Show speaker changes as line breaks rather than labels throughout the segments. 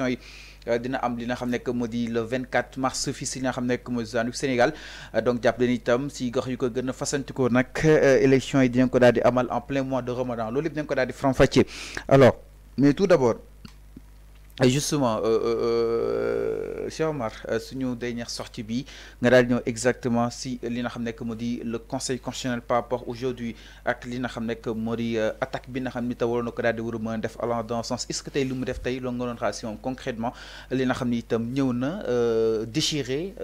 élections yi euh, dina am li nga xam nekk le 24 mars fii si li nga xam Sénégal euh, donc japp leen itam si gox yu ko gëna fassantiko nak euh, élection élections yi dina ko daldi amal en plein mois de Ramadan loolu yëpp dinañ ko daldi franc faram alors mais tout d'abord et justement, euh, euh, euh cher Omar, euh, suñu dernière sortie bi nga daal ñëw exactement si li nga xam nekk le conseil constitutionnel par rapport aujourd'hui ak li nga xam nekk euh, attaque bi nga xamni ni te ko dal di war def allant dans sens est-ce que tay lu mu def tay lo nga don xaar si concrètement li nga xamni tam itam ñëw na déchirer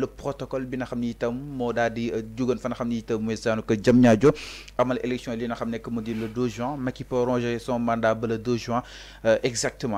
le protocole bi nga xamni tam mo dal di jugoon fa nga xam ni itam mooy ko jëm ñaajo amal élection li nga xam nekk le 2 juin Macky peut ronger son mandat le 2 juin exactement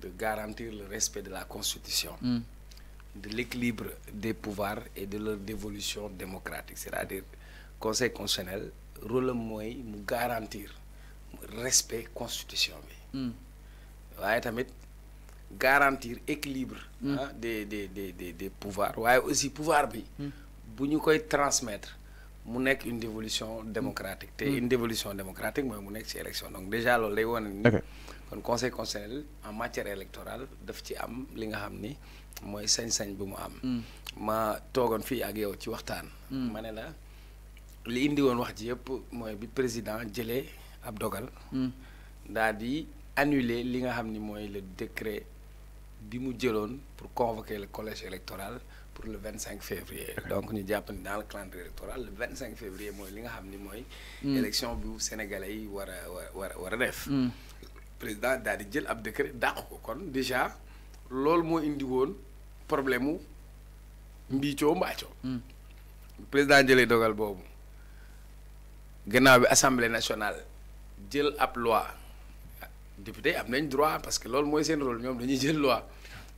de garantir le respect de la Constitution, hmm. de l'équilibre des pouvoirs et de leur dévolution démocratique. C'est-à-dire, Conseil constitutionnel, rôle mooy mu garantir respect constitution la hmm. waaye tamit garantir équilibre. Hmm. Ah, des des des des pouvoirs waaye aussi pouvoir bi. bu transmettre une dévolution démocratique. une dévolution démocratique mais mu élection donc déjà le Léon le conseil constitutionnel en matière électorale daf ci am li nga xamni moy sañ-sañ bu mu am. Hmm. ma togon fi ak yow ci waxtaan. Hmm. ma li indi won wax ji moy bi président jëlé ab dogal. Hmm. annuler li nga xamni moy le décret bi mu pour convoquer le collège électoral pour le 25 février. donc nous jàpp dans le clan électoral le 25 février moy li nga xamni moy élection bu sénégalais wara wara wara président daal di jël ab décret dàq ko kon déjà loolu moo indi woon problème mu mbiicoo mbaacoo hmm. président jëlee dogal boobu gannaaw bi assemblée nationale jël ab loi député am nañ droit parce que loolu mooy seen rôle ñoom dañuy jël loi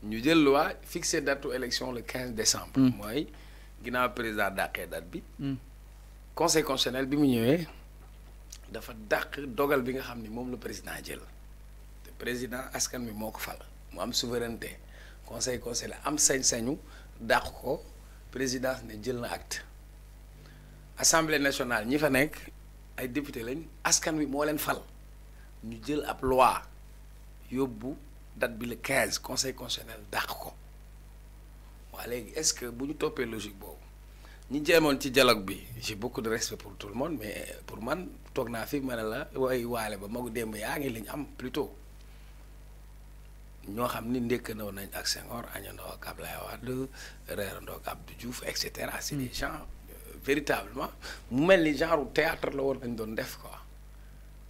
ñu jël loi fixé date élection le 15 décembre. Hmm. mooy ginnaaw président dàqee date bi. Hmm. conseil constitutionnel bi mu ñëwee dafa dàq dogal bi nga xam ni moom président jël président askan mi moko fal am souveraineté conseil conseil am sañ-sañu ne jël acte assemblée nationale ñi fa nek ay député lañ askan mi mo len fal ñu loi yobbu date bi le 15 conseil constitutionnel d'accord. ko est-ce que vous topé logique ñi ci dialogue j'ai beaucoup de respect pour tout le monde mais pour moi, je fi plutôt nous avons ni que nañ ak Senghor à ak Ablaye Wade reerandoo ak Abdou Diouf et cetera c'est des mm. gens euh, véritablement mais les gens au théâtre nous woon fait doon def quoi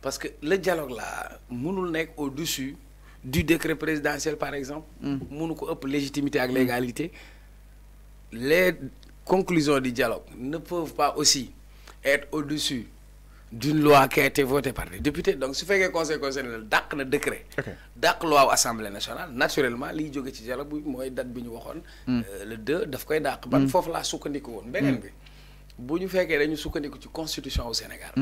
parce que le dialogue là mënul sommes au-dessus du décret présidentiel par exemple mm. nous avons ëpp légitimité ak mm. légalité les conclusions du dialogue ne peuvent pas aussi être au-dessus d'une loi qui a été votée par les députés donc faites le conseil constitutionnel dàq na décret. dàq loi wu assemblée nationale naturellement liy jóge ci dialogue bi date bi ñu hmm. euh, le 2 daf koy dàq. ban hmm. faut la sukkandiku woon. beneen hmm. bi bu ñu fekkee dañu sukkandiku ci constitution au Sénégal.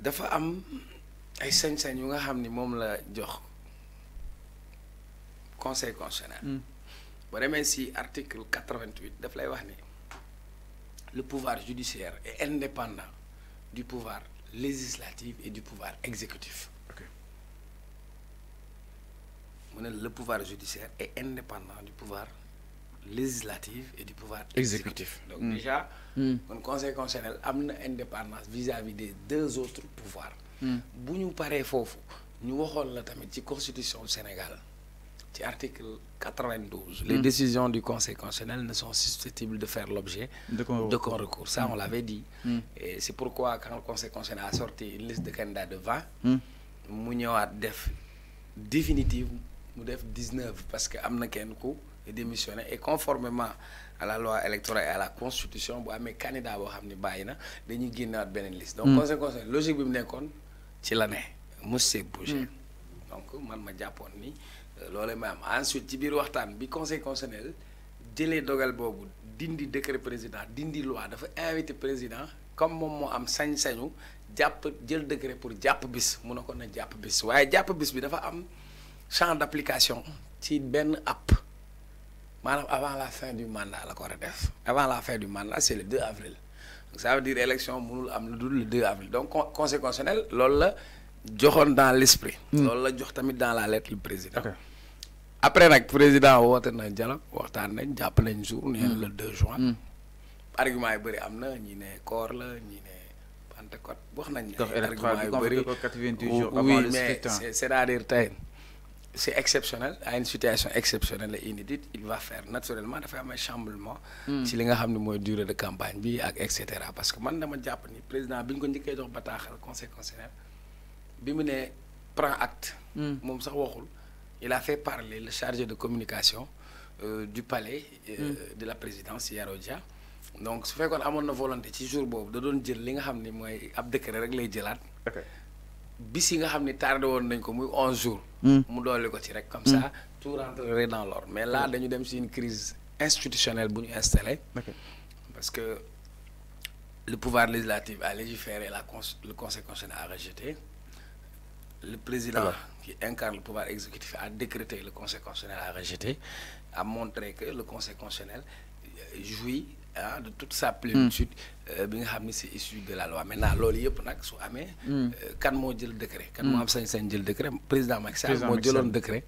dafa am ay sañ-sañ yu nga xam ni la jox conseil constitutionnel. ba demee si article 88 daf lay wax le pouvoir judiciaire est indépendant du pouvoir législatif et du pouvoir exécutif. Le pouvoir judiciaire est indépendant du pouvoir législatif et du pouvoir
exécutif. Donc hmm. déjà, le
hmm. Conseil constitutionnel a indépendance vis-à-vis des deux autres pouvoirs. Si nous parlons de la Constitution du Sénégal, article 92 les hmm. décisions du conseil constitutionnel ne sont susceptibles de faire l'objet de recours ça on hmm. l'avait dit hmm. et c'est pourquoi quand le conseil constitutionnel a sorti une liste de candidats de 20 mu ñëwaat def définitive mu def 19 parce que amna kenko kenn démissionné et conformément à la loi électorale et à la constitution bu amee candidat boo xam Donc, na dañuy une liste donc conseil constitutionnel logique c'est mu nekkoon ci la même Moi, bougé donc man ma loolee ma am ensuite ci biir waxtaan bi conseil constitutionnel jëlee dogal boobu dindi décret président dindi loi dafa invité président comme moom moo am sañ-sañu jàpp jël décret pour jàpp bis mun na ko na jàpp bis waaye jàpp bis bi dafa am champ d'application ci benn app maanaam avant la fin du mandat la ko war a def avant la fin du mandat c'est le 2 avril donc ça veut dire élection mënul am lu dul le 2 avril donc conseil constitutionnel loolu la joxone dans l'esprit hmm. lolou la jox tamit dans la lettre le président. après nak président woote na dialogue waxtaan nañ jàpp nañ jour. né hmm. le 2 juin. Hmm. argument yi bari amna ñi né koor la ñi né Pentecôte wax nañ. dox yu bëri jox 88 jours avant le scrutin oui mais c' est à dire tey c' exceptionnel à une situation exceptionnelle et inédite il va faire naturellement dafa am ay chamboulement. ci li nga xamni moy durée de campagne bi ak et cetera parce que man dama japp ni président biñ ñu ko njëkkee jox bataxal conseil constitutionnel. Bimune prend acte. Hmm. il a fait parler le chargé de communication euh, du palais. Euh, hmm. de la présidence Yarodia. donc ce qu'on a na volonté ci jour boobu da doon jël li nga xam ni ab décret rek lay bis yi jours. Hmm. mu dolli ko ci comme ça tout rentrerait dans l'ordre mais là dañu dem ci une crise institutionnelle installée installée, parce que le pouvoir législatif a légiféré la le conseil constitutionnel a rejeté le président qui incarne le pouvoir exécutif a décrété, le Conseil constitutionnel à rejeter, a montré que le Conseil constitutionnel jouit hein, de toute sa plénitude hmm. euh, bien c'est issu de la loi maintenant hmm. le yëpp nag su hmm. euh, décret. kan on am sañ un décret président Macky Sall décret.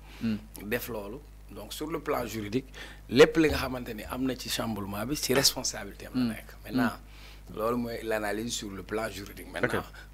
donc sur le plan juridique les li nga xamante ni ci responsabilité
maintenant
l'analyse sur le plan juridique maintenant.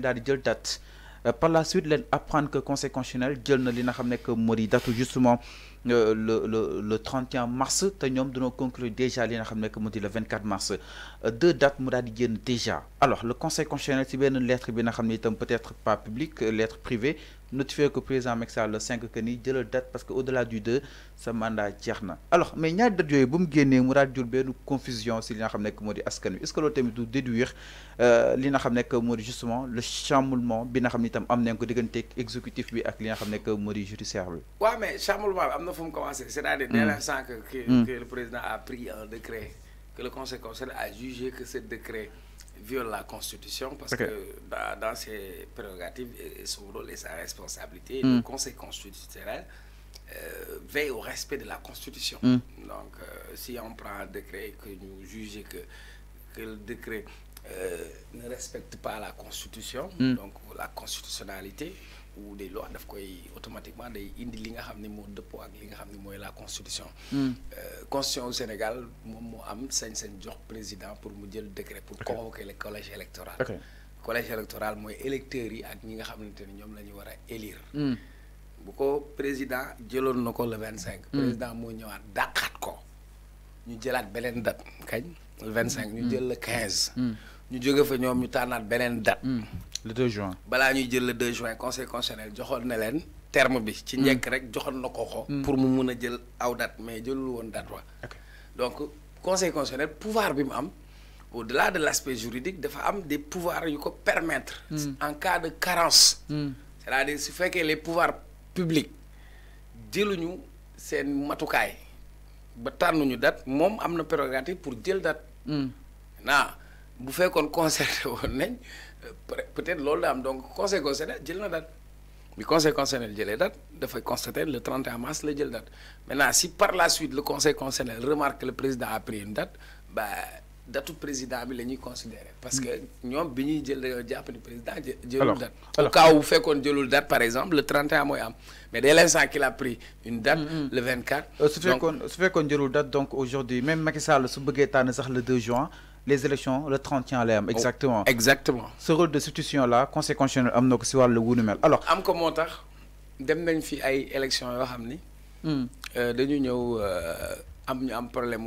date euh, par la suite l'apprendre apprendre que conseil constitutionnel jël na li que mori date justement euh, le le le 31 mars te ñoom dañoo conclure déjà li nga le 24 mars euh, deux dates mu avons déjà alors le conseil constitutionnel ci benn lettre bi nga peut-être pas public euh, lettre privée notifié que président Macky Sall le 5 que ni jëlal date parce que au-delà du 2 ce mandat jeex na alors mais ñaari dates yooyu ba mu génnee mu daal di jur benn confusion si li nga que moo di askan wi est-ce que loolu tamit du déduire li nga que justement le chamboulement bi nga xam ko exécutif bi ak li nga xam ne judiciaire
Oui, mais chamboulement am c'est-à-dire derniers mm. l'instant mm. que le président a pris un décret que le conseil constitutionnel a jugé que ce décret viole la constitution parce que dans, ses prérogatives et son rôle et sa responsabilité, mm. le conseil constitutionnel euh, veille au respect de la constitution. Donc euh, si on prend un décret que nous jugeons que, que le décret euh, ne respecte pas la constitution, donc la constitutionnalité, ou loo lois daf koy automatiquement day indi li nga xam ni moo dëppoo ak li nga xam ni mooy la constitution. Hmm. Euh, constitution au Sénégal moom moo am sañ-sañ jox président pour mu jël décret pour convoquer le collège électoral. collège électoral mooy électeurs yi ak ñi nga xamante ni ñoom la ñu war a élire. Hmm. bu ko président jëloon na ko la vingt cinq. Hmm. président moo ñëwaat dàqaat ko. ñu jëlaat beneen date kañ. le vingt cinq ñu jël le quinze. nous jóge fa ñoom ñu tànnaat beneen date. Hmm. le 2 juin. balaa nous jël le 2 juin conseil constitutionnel avons na leen terme bi. ci njëkk hmm. rek joxoon na ko ko. Hmm. pour mu mun jël date mais jëlul woon date wa donc conseil constitutionnel pouvoir bi au delà de l'aspect juridique dafa am des pouvoirs yu ko permettre. en cas de carence. cest à dire su les pouvoirs publics nous jëluñu seen nous ba une date nous avons une prérogative pour jël date. Non bu fekkoon concerté woon nañ euh, peut-être loolu la am donc conseil concerné jël na date Le conseil constitutionnel jëlee date dafay constater le 31 mars la jël date maintenant si par la suite le conseil concerné remarque que le président a pris une date ba datu président bi la ñuy considérer parce que nous avons ñuy jël dañoo jàpp ni président jëlul date au cas où fekkoon jëlul date par exemple le 31 mooy am mais dès l'instant qu'il a pris
une date mm, mm. le 24 euh, su fekkoon su fekkoon jëlul date donc aujourd'hui même Macky Sall su bëggee tànn sax le 2 juin les élections le 31 lay exactement exactement. ce rôle de substitution là conséquentiel, il y a le alors.
am commentaire élections hmm. euh, euh, problème